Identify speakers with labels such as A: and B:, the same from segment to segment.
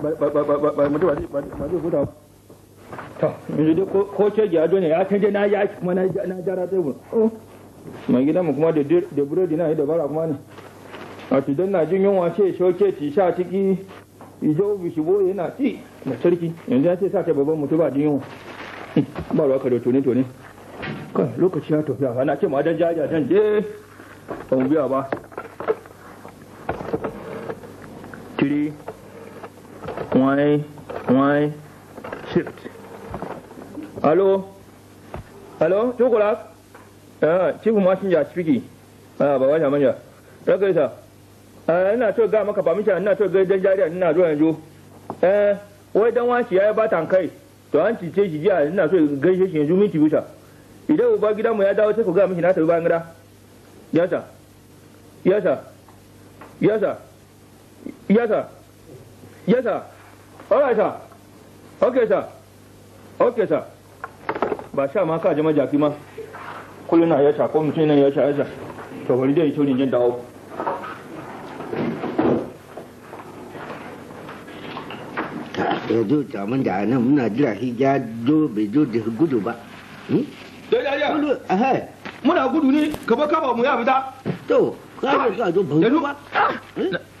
A: ba to yanzu dai ko ce ya ne ya canje na yaki kuma na jara tebur mai gidan mu kuma da burodi na yi dabara kuma ne a tudan na jin yunwa ce shoke ci sha ciki ijo bishibo yana ci da sarki yanzu ya ce sa ta babban mutu ba jin yunwa ba ruwa ka da tone tone kan lokaci ya tafiya ana ce ma dan jaja dan je ba mu biya ba tiri point point shift allo allo chocolate ah chifu mashin ah, ya ciki ah ba wani manja daga isa ah ina to ga maka ba misha ina to ga dan jariya ina zuwa yanzu eh wai dan wanci ya ba tankai to an cice shi jiya ina so gaishe shi yanzu minti bisa idan uba gida mu ya dawo sai ku ga mishi na tafi bayan gida sa? Ya sa? Ya sa? alright sir okay sir okay sir ba sha ma ka jama jaki ma kullum na ya sha ko mutum nan ya sha ya sha to bari dai to jin dawo
B: ya zo jaman da nan muna jira shi ya zo bai zo da gudu ba
A: dai dai ya gudu muna gudu ne ka ba kama mu ya fita to ka zo ka zo ba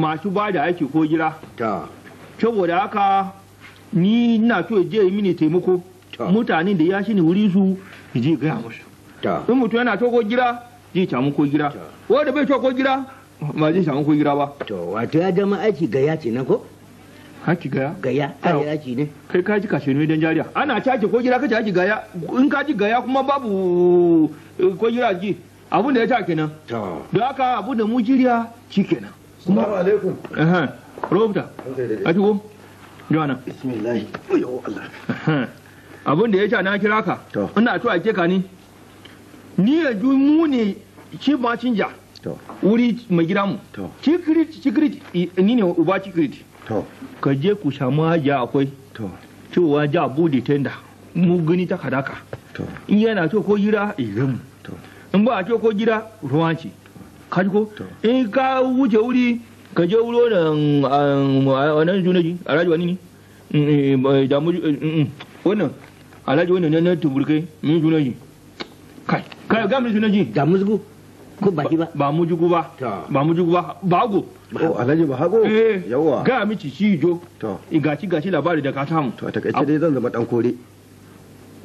A: masu ba da aiki ko gira saboda haka ni na so je mini taimako mutanen da ya shi ne wuri su je gaya musu in mutum yana so ko gira zai samu ko gira wanda bai so ko gira ba zai samu ko gira ba to wato ya dama aiki gaya ce na ko haki gaya gaya ai aiki ne kai ka ji kashe ne don jariya ana caji ko gira ka ci haki gaya in ka ji gaya kuma babu eh, ko gira ji abun da ya ta kenan to don haka abun da mu jiriya shi kenan kuma alaikum aha rubuta a tuwo joana abin da ya sha na kira ka ina tuwa ake ka ni ni yanzu mu ne shi ba ja wuri mai gida mu kikirit kikirit ni ne uba kikirit ka je ku samu hajiya akwai cewa ja bude tenda mu gani ta kadaka in yana to ko gira irin in ba a to ko gira ruwan ce ka ji ko in ka wuce wuri ka je wuro nan wannan junaji alhaji wani ne damu wannan rajuwa ne na tumburkai min junaji kai kai ga min ji damu zugu ko baki ba ba mu jugu ba ba mu jugu ba go. oh alhaji ba hago yawa ga mici shi jo to gaci gaci labari da ka samu to a takaice dai zan zama dan kore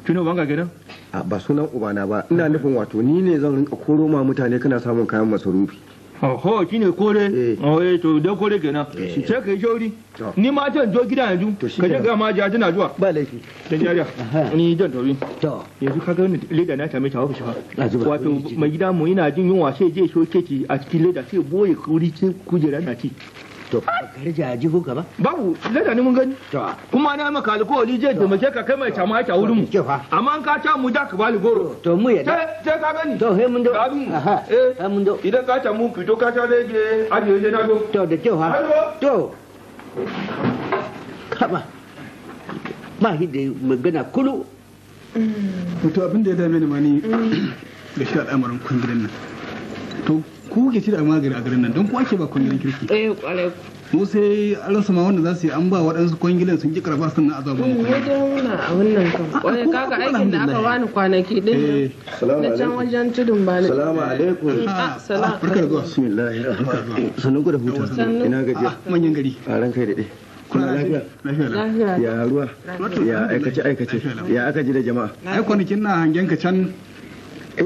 A: Tuno banga gidan?
B: A ba sunan ubana ba, ina nufin wato ni ne zan rinka koro ma mutane kana samun kayan masarufi.
A: Oho, shi ne kore? Eh. Oho, eh, to da kore kenan. ce eh. ka yi shauri. Ni ma can zo gida yanzu. Ka je ga ma jiya tana zuwa. Ba laifi. Da jariya. Ni jan tauri. To. Yanzu ka ga wani leda na ta ta haka shi Wato mai gida mu yana jin yunwa sai je shoke ci a cikin leda sai boye kuri sai kujera na ci. to ba karja ji kuka ba babu lada ni mun gani kuma na maka alkawari je taimake ka kai mai cama yake wurin mu amma an ka ta mu da ka bali goro to mu yadda sai ka gani to he mun do aha eh mun do idan ka ta mu fito ka ta je aje je na go. to da kyau ha
B: to kaba ba hi da magana kulu
A: to abin da ya dame ni ma ni mm. da shi al'amarin kundirin nan to ku ke ci da magani a garin nan don ku ake ba kungiyar kirki eh kwarai mu sai an rasa ma wanda za su yi an ba waɗansu kungiyar sun ki karfa sun na azaba mu ne dai muna a wannan kan kwarai kaga aikin da aka wani
C: kwanaki din eh. na can wajen tudun ba ne salamu
B: alaikum eh, ah, ah, salamu ah, barka da zuwa bismillahir rahmanir rahim ku da huta ina gaje manyan gari a ran kai da dai kuna lafiya ya ruwa ya aikace aikace ya aka ji da jama'a ai kwanakin na hangen ka can eh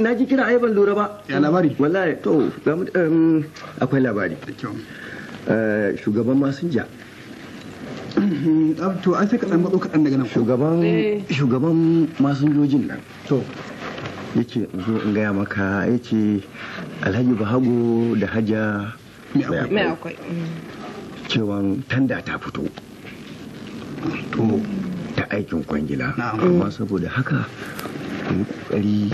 B: na ji kira ai ban lura ba ya labari wallahi to akwai labari eh, shugaban masinja to an sai ka dan matso kaɗan daga nan shugaban eh. shugaban masinjojin nan to yace zo in gaya maka yace alhaji bahago da haja mai akwai mm. cewan tanda ta fito to ta aikin kwangila amma saboda haka ku kokari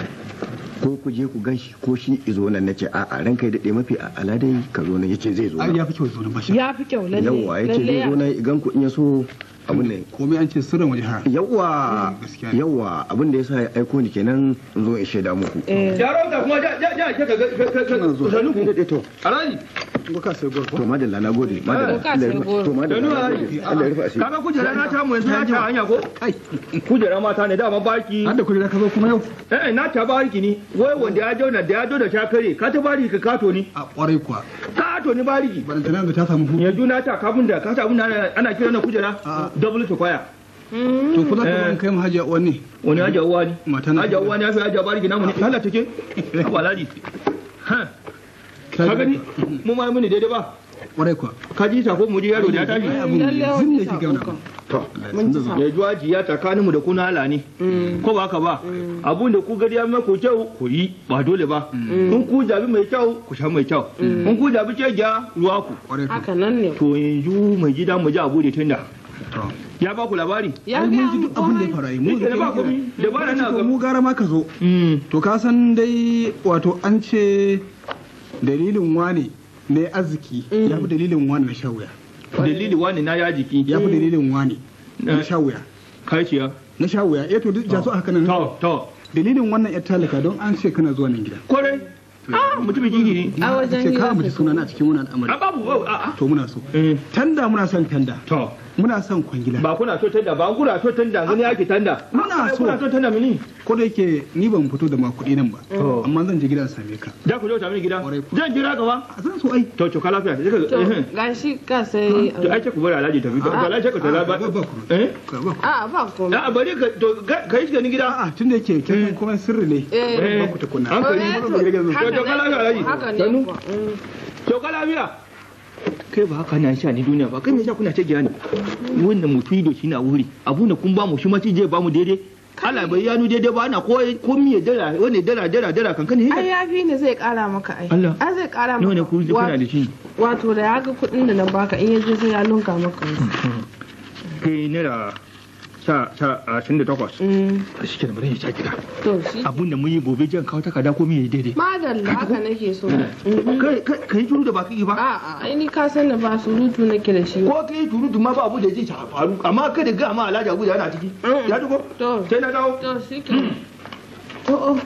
B: ko ku je ku ganshi ko shi izo nan ce a a ranka dade mafi a aladai ka zo nan yace zai zo ya fi
C: kyau zo ya fi kyau lalle yawa yace zai zo nan
B: idan ku in so abin ne komai an ce sirrin waje ha yawa yawa abin da yasa ya aiko ni kenan in zo in shaida muku yaron
A: ka kuma ja ja ja ka ga ka ga ka ga Buka sai gorko. To madalla na gode. Eh, madalla. To madalla. Allah ya rufa asiri. Kaga kujera na ta mu yanzu na ta hanya ko? Kai. Kujera mata ne dama barki. Hadda kujera ka zo kuma yau. Eh na ta bariki ni. Wai wanda ya jauna da ya jauna ta kare ka ta bariki ka kato ni. A kwarai kuwa. Kato ni bariki. Barantana ga ta samu hu. Yanzu na ta kafin da ka ta abin ana kira na kujera. Double to kwaya. Mm. to kula da eh. ban kai hajiya uwa ne wani hajiya uwa ne hajiya uwa ne ya fi hajiya bariki namu ne lalata ke abalari ka gani mu ma mini daidai ba kwarai kuwa ka ji ta ko mu ji yaro da ya tashi zin ne ki gauna to ya juwa ji ya tsakanin mu da kuna hala ne mm. ko ba ka ba mm. abun da ku gari ya mako kyau ku yi ba dole ba mm. in ku jabi mai kyau ku sha mai kyau in ku jabi ce ja ruwa ku haka nan ne to yanzu mai gida mu ji abu da tunda ya ba ku labari ya ga mun ji duk abin da ya faru mu da ba komai da ba na ga mu gara ma ka zo to ka san dai wato an ce dalilin wani mm. ne arziki ya fi dalilin mm. wani na sha wuya dalilin wani na ya jiki ya fi dalilin wani na sha wuya kaciya na sha wuya to duk jaso haka nan to to dalilin wannan ya talaka don an ce kana zuwa nan gida kore a ah, mutumin gingiri a wajen yi ka mutum suna na cikin wani al'amari a babu a to muna so eh. tanda muna son tanda to muna son kwangila ba kuna so tanda ba kuna so tanda zan yake tanda muna so kuna so tanda mini ko da yake ni ban fito da makudi nan ba amma zan je gidan same ka da ku je ta mini gida zan jira ka ba zan so ai to to ka lafiya ga eh, eh.
D: gashi ka sai to ai ku
A: bari alaji tafi ba ce ka tala ba ba ku a
D: ba ku eh? a ah, ah, bari
A: ka to ka yi ganin gida a ah, tun da yake kin kuma sirri ne ba ku tukuna hankali to ka lafiya alaji sanu to ka lafiya kai ba haka na sha ni duniya ba kai ne sha kuna ta giya wannan mutu ido shi na wuri abu na kun ba mu shi ma je ba mu daidai ala bai yanu daidai ba ana ko ko mi ya dara wani dara dara dara kankan ne ai
C: fi ne zai kara maka ai Allah ai zai kara maka ne ku kuna da shi wato da ya ga kudin da na baka in yaje sai ya lunka maka
A: kai da sha ashirin da takwas. A mm. shi kenan bari ya sha gida. To shi. Abin da mun yi gobe jan kawo takarda ko min ya yi daidai.
C: Madalla haka nake so. Eh. Mm-hmm.
A: Kai kai turu da baki ba. A'a ai ni ka san da ba surutu nake da shi. Ko kai surutu ma ba abu da zai faru amma kada ga ma Alhaji Abuja yana ciki. Mm. Ya To. Sai na dawo. To shi kenan. Mm. Oh, oh.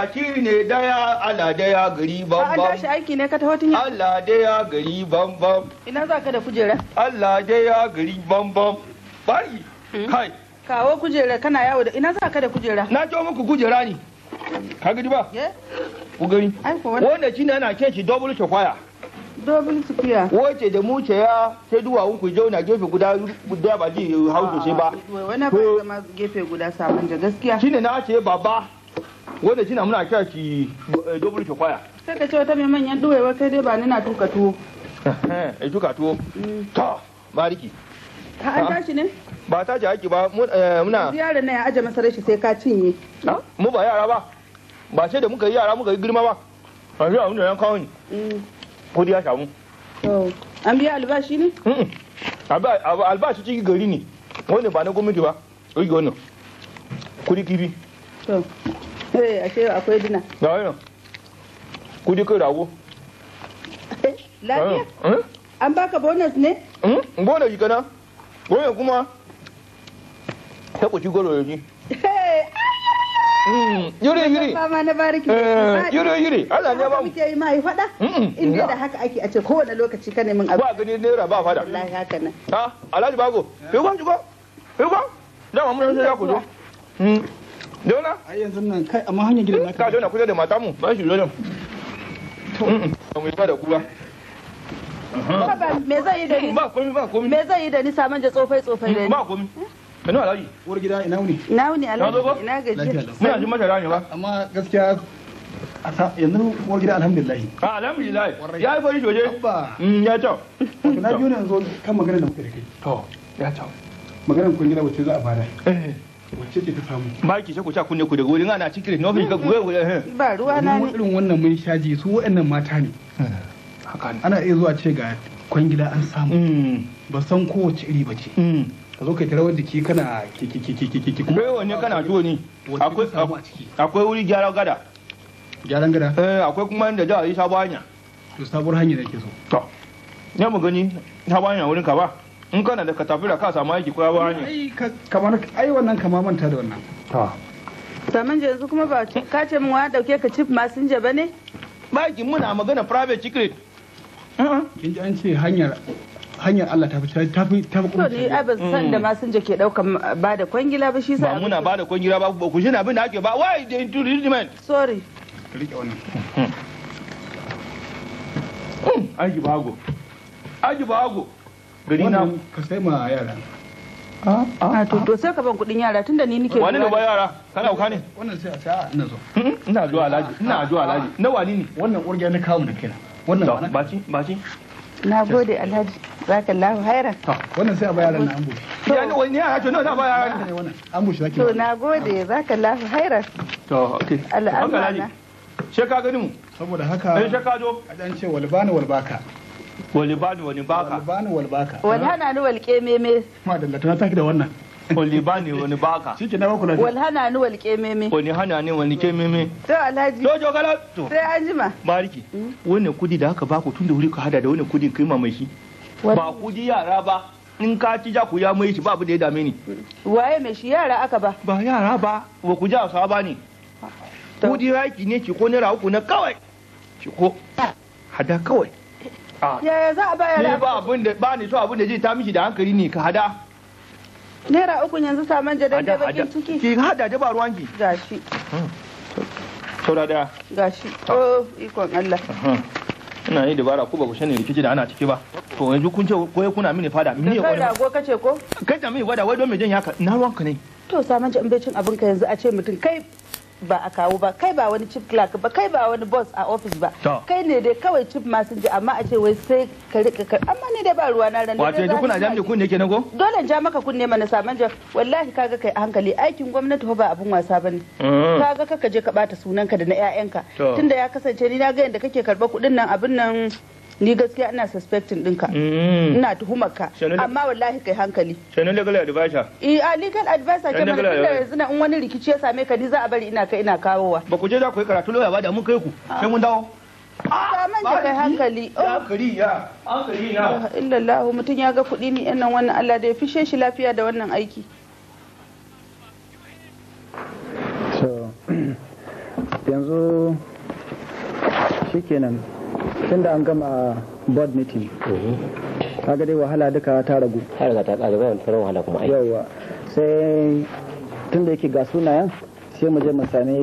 A: Allah shi ne daya Allah daya gari bambam. Ka an shi aiki ne ka taho tun Allah daya gari bambam.
C: Ina za ka da kujera?
A: Allah daya gari bambam. Bari hmm. kai.
C: Kawo kujera kana yawo da ina za ka da kujera? Na jo
A: muku kujera ne. Ka gidi ba? Ku gani. Wanda shi ne ana ke shi double chokwaya. Double Wace da mu ce ya sai duwawun ku na gefe guda guda ba ji hausa sai ba. Wani ba zama
C: gefe guda sabon da gaskiya. Shi
A: ne na ce baba. wanda shi na muna kira ki eh, dobulu ki kwaya
C: sai ka ce wata mai manyan duwewa sai dai ba ni na tuka tuwo
A: eh tuka tuwo to bariki ka an tashi ne ba ta ji haki ba eh, muna
C: yaran na ya aje masa rashi sai ka cinye
A: mu ba yara ba ba sai da muka yi yara muka yi girma ba a zuwa wanda ya kawo ni mm. kudi ya shamu. Oh. an biya albashi ne albashi ciki gari ne wani ba na gwamnati ba wani kudi kibi
C: eh akwai dina ga yana
A: ku je kai rago lafiya eh? an baka bonus ne bonus kana goyon kuma ta kuci goro yaji
C: hmm,
A: Yuri yuri. ba na bariki yure eh, yure Allah ne
C: ba mu ke mai fada in da haka ake a ce kowane lokaci ka min abu ba gani
A: naira ba fada wallahi haka nan ha Alhaji Bago kai eh. gwan ji ba kai gwan da mamu nan ya ku zo Dona? A yanzu nan kai amma hanyar gidan naka. Ka jona kusa da mata mu ba shi dona. Ba mu ba da kuwa.
C: Me zai yi da ni? Ba komi ba komi. Me zai yi da ni saman da tsofai tsofai da ni? Ba
A: komi. Kano alaji. Uwar gida ina wuni. Ina wuni alaji.
C: Ina gaji. Muna jin
A: mata ne ba. Amma gaskiya yanzu uwar gida alhamdulillah. A ah, alhamdulillah. Ya yi fari shoje. Mm, ya cewa. Na biyu ne yanzu kan magana da muke da kai. To ya cewa. Maganar kun gida wacce za a fara. wacce ce ta ki ku ta kunne ku daga wurin ana cikin na gaggwe goye goye ba ruwa na ne irin wannan mun ji su waɗannan mata ne ana iya zuwa ce ga kwangila an samu mm. ba san kowace iri ba ce mm. ka zo kai ta wanda ke kana kikikikikiki kuma bai ne kana tuwo ne akwai wuri gyaran gada gyaran gada eh akwai kuma inda za a yi sabuwar hanya
D: to sabuwar hanya da ke so
A: to ne mu gani sabuwar hanya wurin ka ba in kana da katafila ka samu aiki ko ya ne kamar ai wannan kama manta da wannan to
C: saman yanzu kuma ba ka ce min wa dauke ka chief masinja ba ne muna magana private secret
A: kin ji an ce hanyar hanyar Allah ta fi ta fi ta fi kuma to ni abin san da
C: masinja mm. ke daukan ba da kwangila ba
A: shi sa ba muna ba da kwangila ba ku shi na abin da ake ba why the entertainment sorry rike wannan aji bago aji bago gari na ka sai ma yara
C: a ah, to to sai ka ban kudin yara tunda ni nike wani ne ba
A: yara kana uka ne wannan sai a ta ah, ina zo hmm, ina zuwa alhaji ina ah, zuwa alhaji na wani ne wannan urgiya na kawo da kina wannan baci baci
C: na gode alhaji zaka lahu hairan wannan sai a ba yaran na ambushi
A: ya ne wani ya ce nawa za a ba yaran ne wannan ambushi zaki to
C: na gode zaka lahu hairan
A: to okay al'amana sai ka gani mu saboda haka sai ka zo a dan ce walbana walbaka walibani wani baka walibani walbaka walhana
C: ni walke meme
A: ma da latana taki da wannan walibani wani baka shike na baku lafiya
C: walhana ni walke meme wani
A: hana ni wani ke meme
C: to alhaji to jogala to sai an
A: bariki mm. wannan kudi da aka baku tun da wuri ka hada da wannan kudin kai mai shi ba kudi yara ba in ka ci ja ku ya mai shi ba abu da ya dame ni
C: waye mai shi yara
A: aka ba ba yara ba wa ku ja sa ba ne kudi raki ne ki ko naira uku na kawai ki ko hada kawai Ah.
C: yaya za a baya ne ba abin
A: da ba ni so abin da zai ta miki da hankali ne ka hada
C: naira uku yanzu saman jadan da bakin ciki ki hada da ba ruwan ki gashi
A: hmm. saura da.
C: gashi ah. oh ikon Allah
A: hmm. ina yi dabara ko ba ku sani rikici da ana ciki ba to yanzu kun ce ko kuna mini fada mini ya gwada ko kace ko kace mini gwada wai don me jin haka na ruwanka ne
C: to saman in bai cin abin ka yanzu a ce mutum kai ba a kawo ba kai ba wani chief clerk ba kai ba wani boss a office ba kai ne dai kawai chief messenger amma a ce wai sai ka rika ka amma ni dai ba ruwa na ran wato duk kuna jami'i ne kenan ko dole ja maka kunne mana saman ja wallahi kaga kai a hankali aikin gwamnati ba abun wasa bane mm. kaga kaka je ka bata sunanka da na ƴaƴanka tunda ya kasance ni na ga yanda kake karba kudin nan abin nan ni gaskiya ina suspecting ɗinka mm. ina tuhumar ka amma wallahi kai hankali
A: shanin legal advisor
C: eh a legal advisor ke mana tunda yanzu na in wani rikici ya same ka ni za a bari ina kai ina kawowa
A: ba ku je za ku yi karatu lawyer ba da mun kai ku ah. sai mun dawo ka ah, manta kai hankali hankali ya hankali na
C: illallah mutum ya ga kuɗi ni nan wannan Allah da ya fishe shi lafiya da wannan aiki
D: yanzu shikenan tun da an gama board meeting mhm. kaga dai wahala duka ta ragu ta riga ta ragu bayan tsaron wahala kuma ai yawa sai tun da yake ga sunayen sai mu je mu sami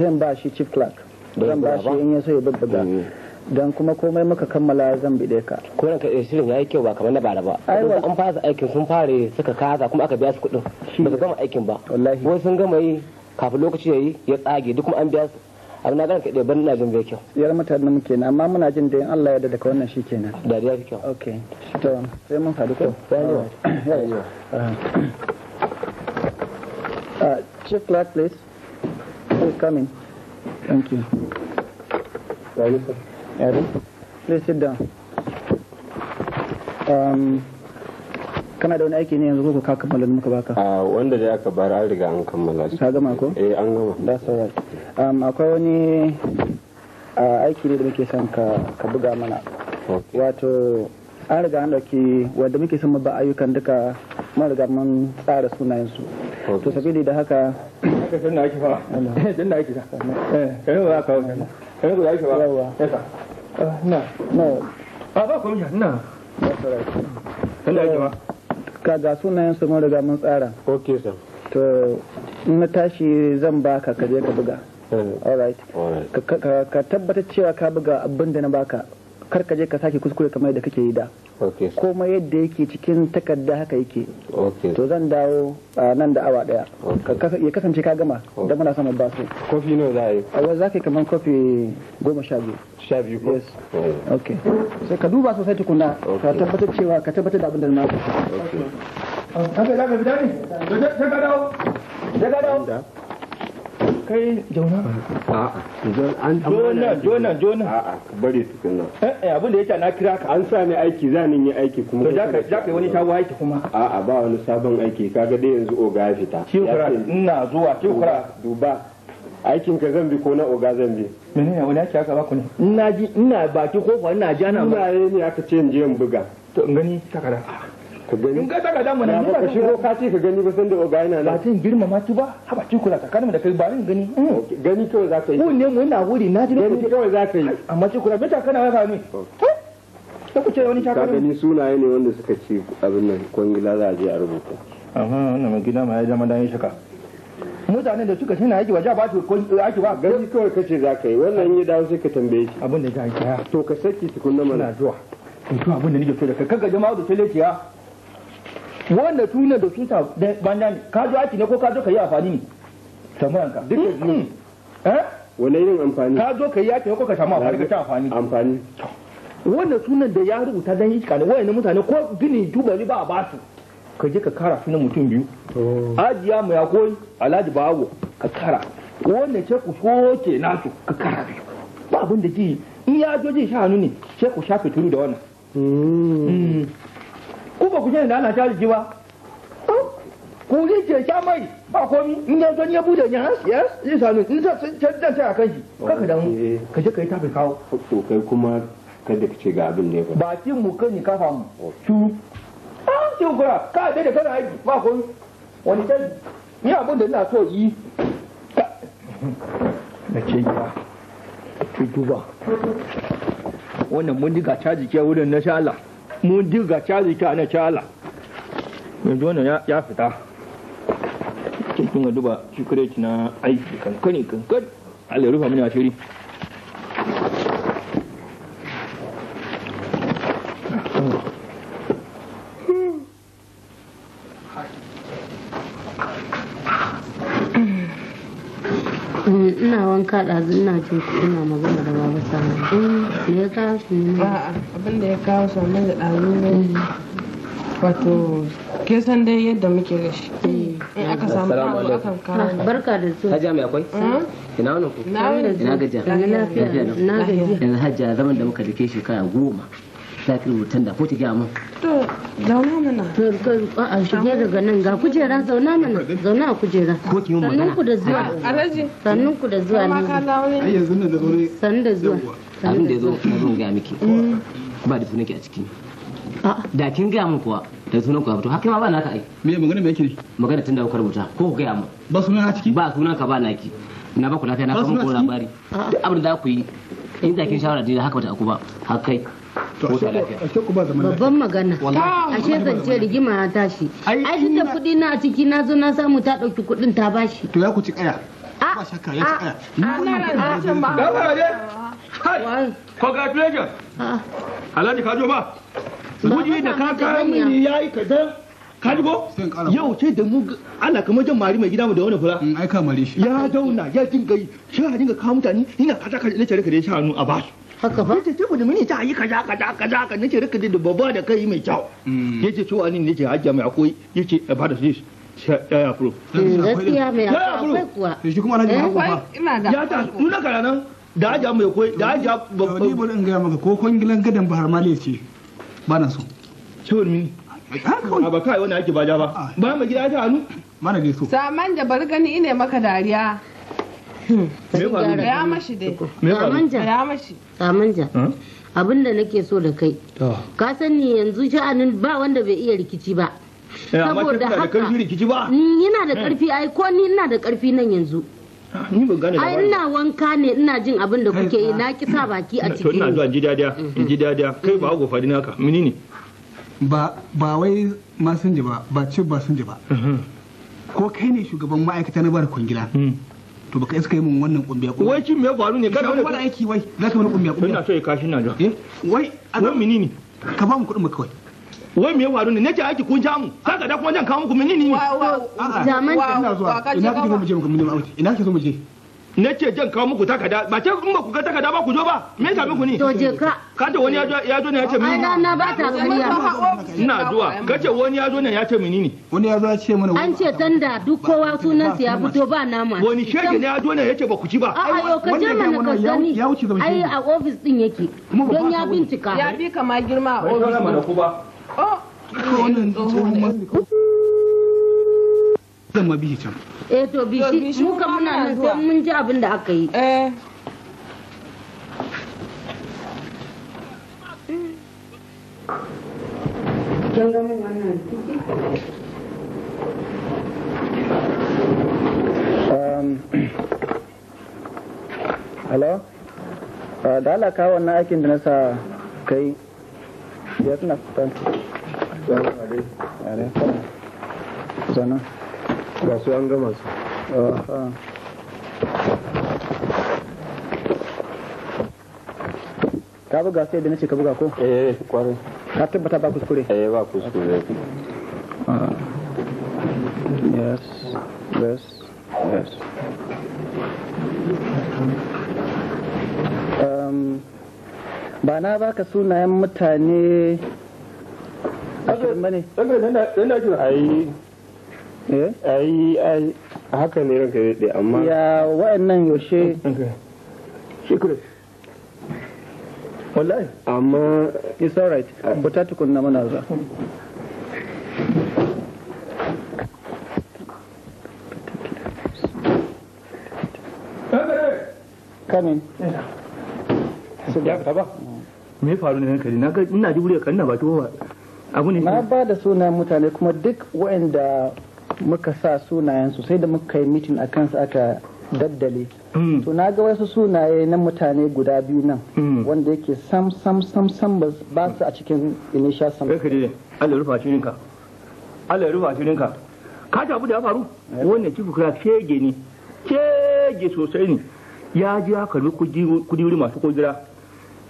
D: sai ba shi chief clerk zan ba shi in yaso ya bubbuga mhm. dan kuma komai muka kammala zan bide ka ko ran ka shirin yayi kyau ba kamar na bara ba an fasa aikin sun fare suka kaza kuma aka biya su kudin ba su gama aikin ba wai sun gama yi kafin lokaci yayi ya tsage duk kuma an biya su abu na ranka ɗaya ban na jin bai kyau yar mutane mu kenan amma muna jin da in Allah ya daga wannan shi kenan da ya fi kyau ok to sai mun faɗi kyau ya yi wa ah. Ah, chief clerk please please come in thank you ya yi sir. ya Please sit down. Um, kana da wani aiki ne yanzu ko ka kammala da muka baka a wanda dai aka bayar an riga an kammala shi ka gama ko eh an gama da sauran um akwai wani aiki ne da muke son ka ka buga mana wato an riga an dauki wanda muke son ba ayyukan duka mun riga mun tsara sunayen su to sabili da haka
A: haka da ake fa Dan da ake eh,
D: ka. eh kai ba ka kai ba ake ba. yawa yasa ah, na na ah, ba ba komai na na da ake ba. ka ga sunayen su mun riga mun tsara okay to in na tashi zan baka ka je ka buga eh. alright ka tabbatar cewa ka buga abin da na baka kar ka je ka sake kuskure kamar da kake yi da kuma yadda yake cikin takarda haka yake to zan dawo nan da awa daya ya kasance ka gama da muna sama ba su kofi nawa za a yi a za ka kamar kofi goma sha biyu sha biyu ko yes ok sai ka duba sosai tukuna ka tabbatar cewa ka tabbatar da abin da na ok ok ok
A: ok ok ok ok ok
D: kai jauna a
A: an jona jona jona a bari tukunna eh, eh abin da yake na kira ka an sa ni aiki zanin yi aiki kuma to zaka zaka wani shago aiki kuma a a ba wani sabon aiki kaga dai yanzu oga ya fita kira ina zuwa kira duba aikin ka zan bi ko na oga zan bi mene ne wani aka ba ku ne ina ji ina baki kofa ina ji ana ba ina ne aka ce in je in buga to in takara Ka gani in ka taka damu na ba ka shigo ka ce ka gani ba san da oga yana nan ba tin girma ma tu ba haba ci kula ka da kai ba ni gani mm. gani kawai za ka yi ne mun na wuri na ji gani kawai za ka yi amma ci kula bita kana ka ni ta ku ce wani ta gani sunaye ne wanda suka ci abin nan kwangila za a je a rubuta amma wannan mai gida ma ya zama dan shaka mutanen da suka shina yake waje ba su ake ba gani kawai kace za ka yi wannan ya dawo sai ka tambaye shi abin da ya to ka saki tukunna mana zuwa to abin da nake so da kai kaga jama'a da taleciya wanda su da sun ta banda ne ka zo aiki ne ko ka zo ka yi amfani ne samuran ka duk da hmm. eh? wani yin amfani ka zo ka yi aiki ko ka samu amfani ka ci amfani amfani wanda sunan da ya rubuta dan yi kana wayannan mutane ko gini duba ba ba su ka je ka kara sunan mutum biyu ajiya mu ya koyi alhaji bawo ka kara wannan ce ku soke nasu ka kara biyu ba abin da ji in ya zo ji shanu ne ce ku shafe turu da wannan hmm. Hmm. ku ba ku da ana ta ba ku zai ke sha mai ba komi in ya zo ya bude ne ya yi sanu in zai zai a kan shi kaka da mu ka je ka yi tafi kawo to kai kuma kada ka ce ga abin ne ba bakin mu kan ni kafa mu su ah shi kura ka da da kana aiki ba komi wani dan ni abin da ina so yi na ce ya tutuba wannan mun diga caji ke wurin na sha Allah mun diga cali ka na cala yanzu wannan ya fita cikin duba shi na aiki kankani kankan Allah rufa mini shiri
E: ka ɗazu ina jin ku
C: ina magana da baba sani me ya kawo shi ne ba abin da ya kawo sami da ɗazu ne mm. wato ke san dai yadda muke da shi mm. in aka samu abu akan kawo ah, barka
E: da zuwa hajja mai akwai hmm? ina wani ku ina gajiya ina gajiya ina hajja zaman da muka dake shekara goma shafi rubutan da ko ta gaya min. To zauna mana. a shige daga nan ga kujera zauna mana zauna a kujera. Ko ki yi magana. Sannun ku da zuwa. Ah,
C: Alhaji. Sannun ku da zuwa. ne. Ai yanzu
E: nan da zo ne. Sannu da zuwa. Abin da ya zo na zo gaya miki. Mm. Ba da sunanki a ciki. A. Ah. Da kin gaya min kuwa. da sunan ku to haka ma ba naka ai me magana me yake ne magana tunda da kuka rubuta ko ku gaya mu ba sunan a ciki ba sunan ka ba naki na ba ku lafiya na kuma ko labari ah. duk abin da ku yi da kin shawara da haka bata aku ba har kai
A: babban
E: magana ashe zance rigima ya tashi ai shi ta kudi na a ciki na zo na samu ta dauki kudin ta bashi to ya ku ci kaya
A: ba shakka ya ci kaya congratulations alhaji kajo ba
B: kuɗi da ka kawo mini yayi
A: kaza. Kalibo, yau sai da mu ana kamar jan mari mai gida mu da wani fura in aika mari shi ya dauna ya dinga yi shi ya dinga kawo mutane ina kaza kaza nace rika da shi hannu a ba su haka fa ce mu da mini ta yi kaza kaza kaza kaza nace rika da babba da kai mai kyau mm. yace to anin nace hajja mai akwai yace ba da shi ya furo eh, eh, ya Ya ya kuwa eh, shi kuma alhaji ina da ya ta nuna karanan da hajja mai koi da hajja babba ni bari in ga maka ko kwangilan gadan bahar maliya ce ba na so shawar mini a ba kai wani ake ba ba ah. ba mu gida ta hannu mana dai so
C: saman da bar gani ine maka dariya
A: hmm. ya mashi
C: dai ya
E: mashi samanja hmm? abin da nake so da kai ka sani yanzu sha'anin ba wanda bai iya rikici ba
A: eh, saboda haka yana
E: da hmm. karfi ai ko ni ina da karfi nan yanzu
A: ah, ai ina
E: wanka ne ina jin abin da kuke yi na ki sa baki a cikin
A: ina zuwa ji dadiya ji dadiya kai ba gofa dinaka mini ne ba wai masinja ba ba ci basinja ba ko kai ne shugaban ma'aikata na bar kungila to baka iska yi min wannan kumbiya kuma wai kin me faru ne kada wani aiki wai za ka mana kumbiya kuma ina so ya kashi na da wai a ga ne ka ba mu kudin mu kawai wai me faru ne nake aiki kun ja mu ka ga da kuma jan kawo muku mini ne wai
D: wai zaman ina zuwa ina kike so mu
A: je mu ina kike so mu je ne ce jan kawo muku takada ba ce in ba ku ga takada ba ku zo ba me ka muku ni to je ka ka ce wani ya zo ne ya ce mini ai na ba ta ƙarya ina zuwa ka ce wani ya zo ne ya ce mini ne wani ya zo ya ce mana
E: an ce tanda duk kowa sunan ya fito ba nama wani shege ne ya
A: zo ne ya ce ba ku ci ba a
E: yo ka je mana ka gani ai a office din yake don ya bincika ya bi kama girma a office ba ku ba oh wannan tsohon
A: zan mabi
D: can
E: eh to bishi mu kan muna nan sai mun ji abin da aka yi eh kin ga
D: um, uh, da Allah ka wannan aikin da na sa kai ya suna fita. Zana. ga su an gama su ka buga sai da nace ka buga ko eh kwarai ka tabbata ba kuskure eh ba kuskure yes yes yes um, ba na baka sunayen mutane ne? Ɗan ne? ɗan ne? Eh? ai haka ne ranka zai ɗaya amma ya wa'annan yaushe shukuru wallahi amma it's all right ah. buta tukunna mana za kamin
A: ya fita ba me faru ne hankali na ina ji wuri ka na ba abu ne na
D: ba da sunan mutane kuma duk waɗanda muka sa sunayen su sai da muka yi mitin a kansu aka daddale mm. to na ga wasu sunaye na mutane guda biyu nan mm. wanda yake sam sam sam sam ba su a cikin initial sam kai
A: kare Allah rufa ka Allah rufa shirin ka ta da ya faru wannan kifi kura ne shege sosai ne ya ji ya karbi kudi wuri masu kujira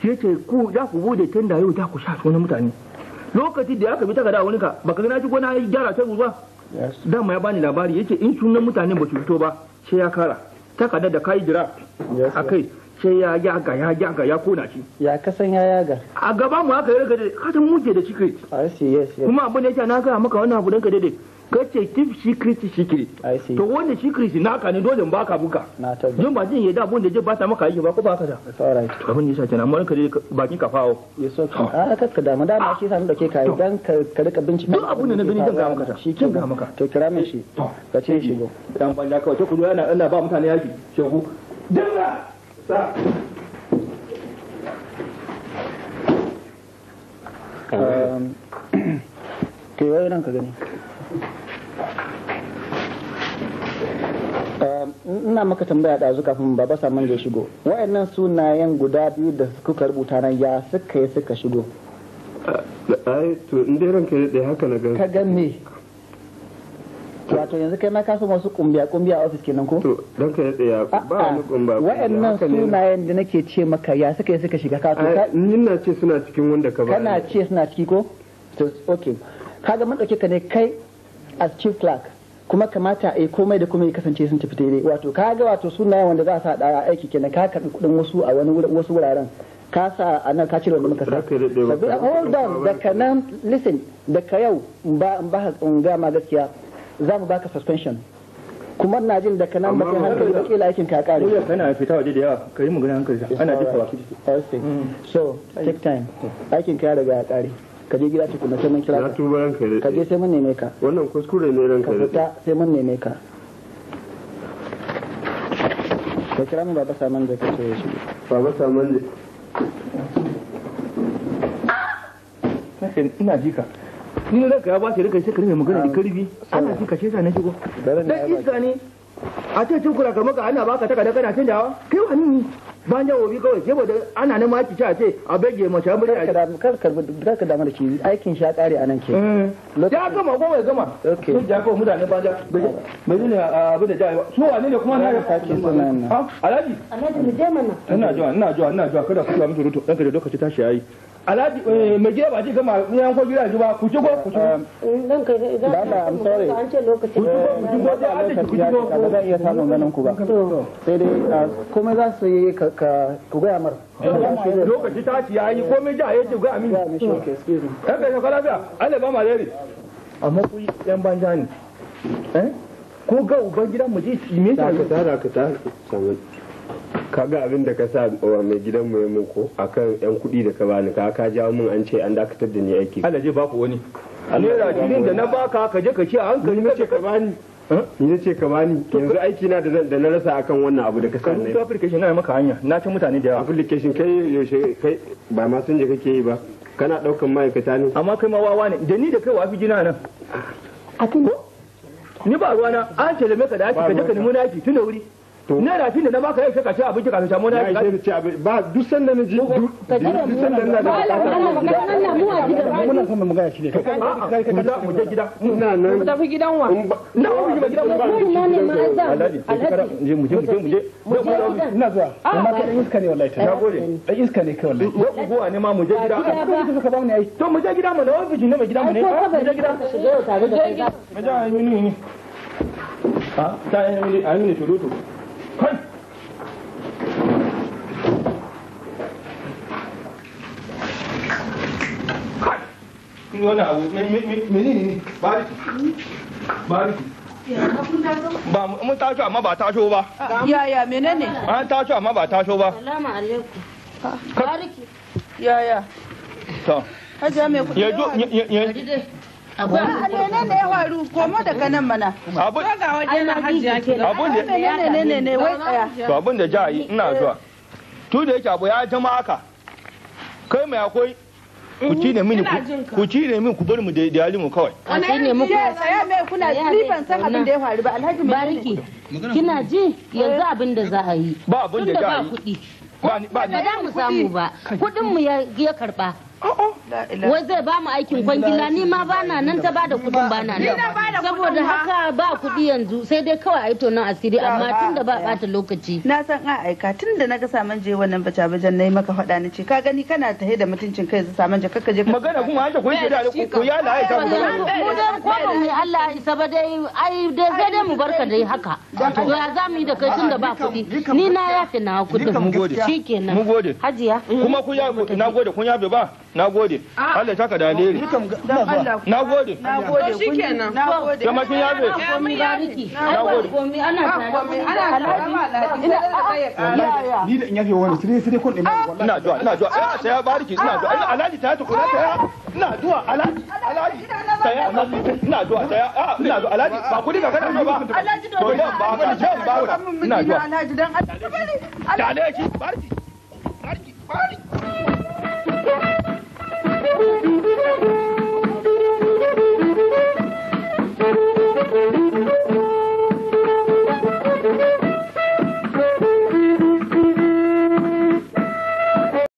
A: sai ce ku za ku bude tun da yau za ku sha sunan mutane lokacin da ya karbi takarda wani ka baka gina shi gona ya gyara ta ba dama ya bani labari yake in sunan mutane ba su fito ba sai ya kara takarda da kai draft a kai sai ya yaga ya yaga ya kona shi
D: ya kasan ya yaga
A: a gaban mu aka yi rika da kasan muke da shi kai kuma abin da yake na ga maka wannan abu dan ka daidai Ka ce tif shikiri shikiri to wani shikiri na naka ne dole ba ka buka jin ba jin yadda abun da je ba ta maka yi ba ko ba ka da abin da yasa kenan amma ka je bakin ka fawo yeso ah.
D: ah, ka a ka ka da mu da na shi sanu dake kai dan ka ka rika binci duk abun da na gani zan ga maka shi kin ga maka to kira min shi ka ce shi go dan da ka wato kudu yana Allah ba mutane yaki shehu
A: dinga sa
D: Ke um, wayo nan ka gani ina maka tambaya da zuka kafin baba saman da shigo wa'annan sunayen guda biyu da kuka rubuta nan ya suka yi suka shigo
A: ai to in dai ranka da haka na ga ka
D: ga me wato yanzu kai ma ka so masu kumbiya kumbiya office kenan ko to dan ka ya ba wani kumba wa'annan sunayen da nake ce maka ya suka yi suka shiga ka to ni na ce suna cikin wanda ka ba kana ce suna ciki ko to okay kaga mun dauke ka ne kai as chief clerk kuma kamata a yi komai da kuma ya kasance sun tafi daidai wato ka ga wato sunayen wanda za a sa ɗaya aiki kenan ka karɓi kuɗin wasu a wani wasu wuraren ka sa a nan ka cire wanda muka sa hold on daga nan listen daga yau ba ba ga ma gaskiya za mu baka suspension kuma na jin daga nan bakin hankali da kila aikin ka kare ya kana fita waje da yawa ka yi gani hankali ana duka wa so take time aikin ka daga ya kare ka je gida tukuna sai mun kira ka ka je sai mun neme ka wannan kuskure ne ranka ka fita sai mun neme ka ka kira mu baba saman da kace shi baba saman da ina
A: jika ni ranka ya ba shi ranka sai ka rufe magana da karbi ah, ana jika shi sa na shigo dan iska ne a ce cin kura ka maka ana baka takarda kana canjawa kai wani ne ban wobi
D: kawai saboda ana nan maki ta ce a bege mace amure a kar kar kar ka damu da ke aikin sha kare a nan ke mm. ya gama ko bai gama Okay. ja ko mutane banja. ja ne
A: ne abu da ja su wane ne kuma na ga sake sunan alhaji
E: alhaji mu je mana ina jiwa
A: ina jiwa ina jiwa kada ku ga mutu rutu dan ka da lokaci tashi yayi alhaji eh, mai gida ba ji gama in an kwaji
D: raji ba ku ci ko ku ci nan
E: eh, eh, an ce lokaci ku ci ko ku
D: ci ko ku ci ko ba zan iya samun ganin ku ba sai dai ah, komai za su yi ka ku ga mar
A: lokaci ta ci yayi komai ja yace ga amin kan lafiya Allah ba malari amma ku yan banja ne eh ko ga uban mu je me ta ka ta ka ta kaga abin da ka sa wa mai gidan mu yamin ko akan yan kuɗi da ka bani ka ka jawo min an ce an dakatar da ni aiki Allah je baku wani naira jidin da na baka ka je ka ce a hankali na ce ka bani ni ce ka bani yanzu aiki na da da na rasa akan wannan abu da ka sa ne application na yi maka hanya na ta mutane da yawa application kai yaushe kai ba ma sun je kake yi ba kana daukan ma'aikata ne amma kai ma wawa ne da ni da kai wa fi jina nan a tuno ni ba ruwana an shalame ka da ake ka je ka nemi naki da wuri naira fin da na baka yau sai ka ce abinci ka samu na ya ba duk sanda na ji duk sanda na da mu a gida muna mu ga shi ne ka kai ka mu je gida muna nan mu tafi
C: gidan wa na mu je gidan mu
E: ne ma alhaji alhaji mu je mu je mu je ina
A: zuwa ah, amma kai iska ne wallahi ta gode dan iska ne kai wallahi ko guwa ne ma mu je gida ka ba mu ne to mu je gida mu da wani ne mu gida mu ne mu je gida mu je tare da kai mu je kun wani bariki bariki ba mun tashi amma ba tasho ba
C: ya ya menene
A: an tashi amma ba tasho ba
C: salamu alaikum bariki ya ya to hajiya mai kudi
A: yawa Menene
C: ne ya faru? Komo daga nan mana. Abun da wajen na hajjiya ke. Abun da ne ne ne ne wai tsaya.
A: To abun da ja yi ina zuwa. Tu da yake abu ya jama haka. Kai mai akwai ku ci ne mini ku ci ne mini ku bar mu da iyali mu kawai.
C: Kai ne muku. Ya tsaya mai kuna ji ban san abin da ya faru ba Alhaji
E: Bariki. Kina ji yanzu abin da za a yi.
A: Ba abin da ja yi. Ba
E: kuɗi.
C: Ba ni ba samu ba.
E: Kuɗin mu ya karɓa. wai zai ba mu aikin kwangila ni ma bana nan ta bada kudin bana nan saboda haka ba kudi yanzu sai dai
C: kawai a yi tonon asiri amma tun da ba bata lokaci na san a aika tun da na ga saman je wannan baca bajan nayi maka faɗa ni ce ka gani kana tahe da mutuncin kai yanzu saman je kakka je magana kuma hanta ku da ku ya la aika ku mu dan ko ba mu Allah
E: isa ba dai ai dai sai dai mu barka dai haka to ya za mu yi da kai tun da ba kudi ni na yafe na kudin mu gode shikenan mu gode
A: hajiya kuma ku ya na gode kun yafe ba na gode ah. Allah ya ka da alheri na gode na
C: gode shikenan na gode kuma kin yabe na
D: gode
A: komai ana komai ana ina ni
D: da in yafe wani sai sai kun ina ina zuwa ina zuwa sai ya bariki ina zuwa ina alaji ta ta kula ta ina zuwa alaji
A: alaji saya ina zuwa saya a ah, ina zuwa alaji ba kudi ka na ba to ba ba ina zuwa alaji
C: dan Allah bariki bariki bariki bariki Thank you.